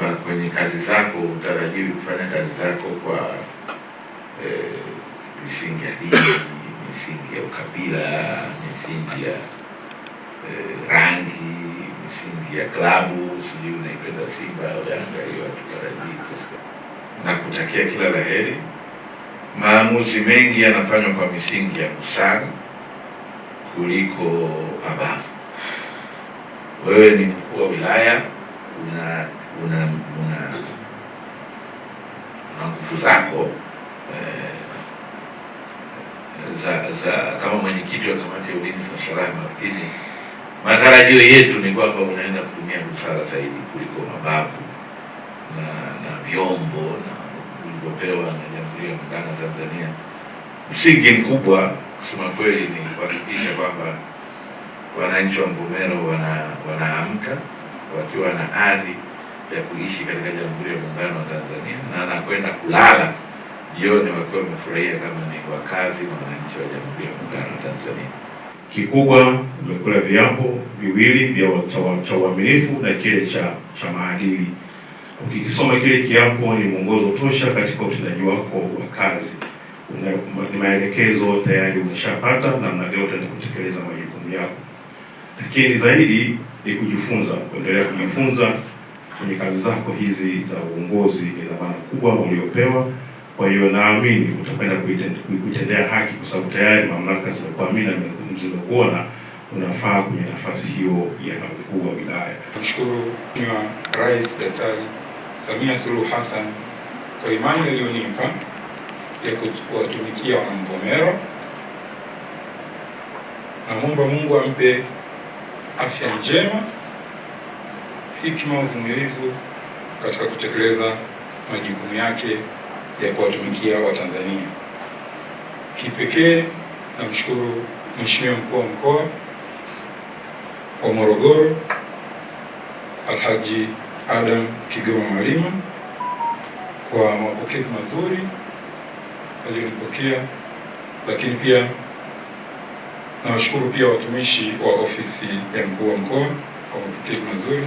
kwamba kwenye kazi zako utarajiwi kufanya kazi zako kwa e, misingi ya dini, misingi ya ukabila, misingi ya e, rangi, misingi ya klabu, sijui unaipenda Simba au Yanga, hiyo hatutarajii. Na kutakia kila la heri. Maamuzi mengi yanafanywa kwa misingi ya busara kuliko mabavu. Wewe ni mkuu wa wilaya una una una nguvu zako eh, za za kama mwenyekiti wa kamati ya ulinzi na usalama, lakini matarajio yetu ni kwamba unaenda kutumia busara zaidi kuliko mabavu na na vyombo na ulivyopewa na Jamhuri ya Muungano wa Tanzania. Msingi mkubwa kusema kweli ni kuhakikisha kwamba wananchi wa Mvomero wana wanaamka wakiwa na hadhi ya kuishi katika Jamhuri ya Muungano wa Tanzania na anakwenda kulala jioni wakiwa wamefurahia kama ni wakazi na wananchi wa Jamhuri ya Muungano wa Tanzania. Kikubwa nimekula viapo viwili cha uaminifu na kile cha cha maadili. Ukikisoma kile kiapo, ni mwongozo tosha katika utendaji wako wa kazi, ni maelekezo tayari umeshapata namna gani utaenda kutekeleza majukumu yako lakini zaidi ni kujifunza, kuendelea kujifunza kwenye kazi zako hizi za uongozi. Ni dhamana kubwa uliopewa, kwa hiyo naamini utakwenda kuitendea haki, kwa sababu tayari mamlaka zimekuamini na zimekuona unafaa kwenye nafasi hiyo ya mkuu wa wilaya. Mshukuru Mheshimiwa Rais Daktari Samia Suluhu Hassan kwa imani aliyonipa ya kuwatumikia Wanamvomero, namwomba Mungu ampe afya njema, hikima, uvumilivu katika kutekeleza majukumu yake ya kuwatumikia Watanzania. Kipekee namshukuru Mheshimiwa mkuu wa mkoa wa Morogoro Alhaji Adam Kigoma Malima kwa mapokezi mazuri aliyonipokea, lakini pia Nawashukuru pia watumishi wa ofisi ya mkuu wa mkoa kwa mapokezi mazuri.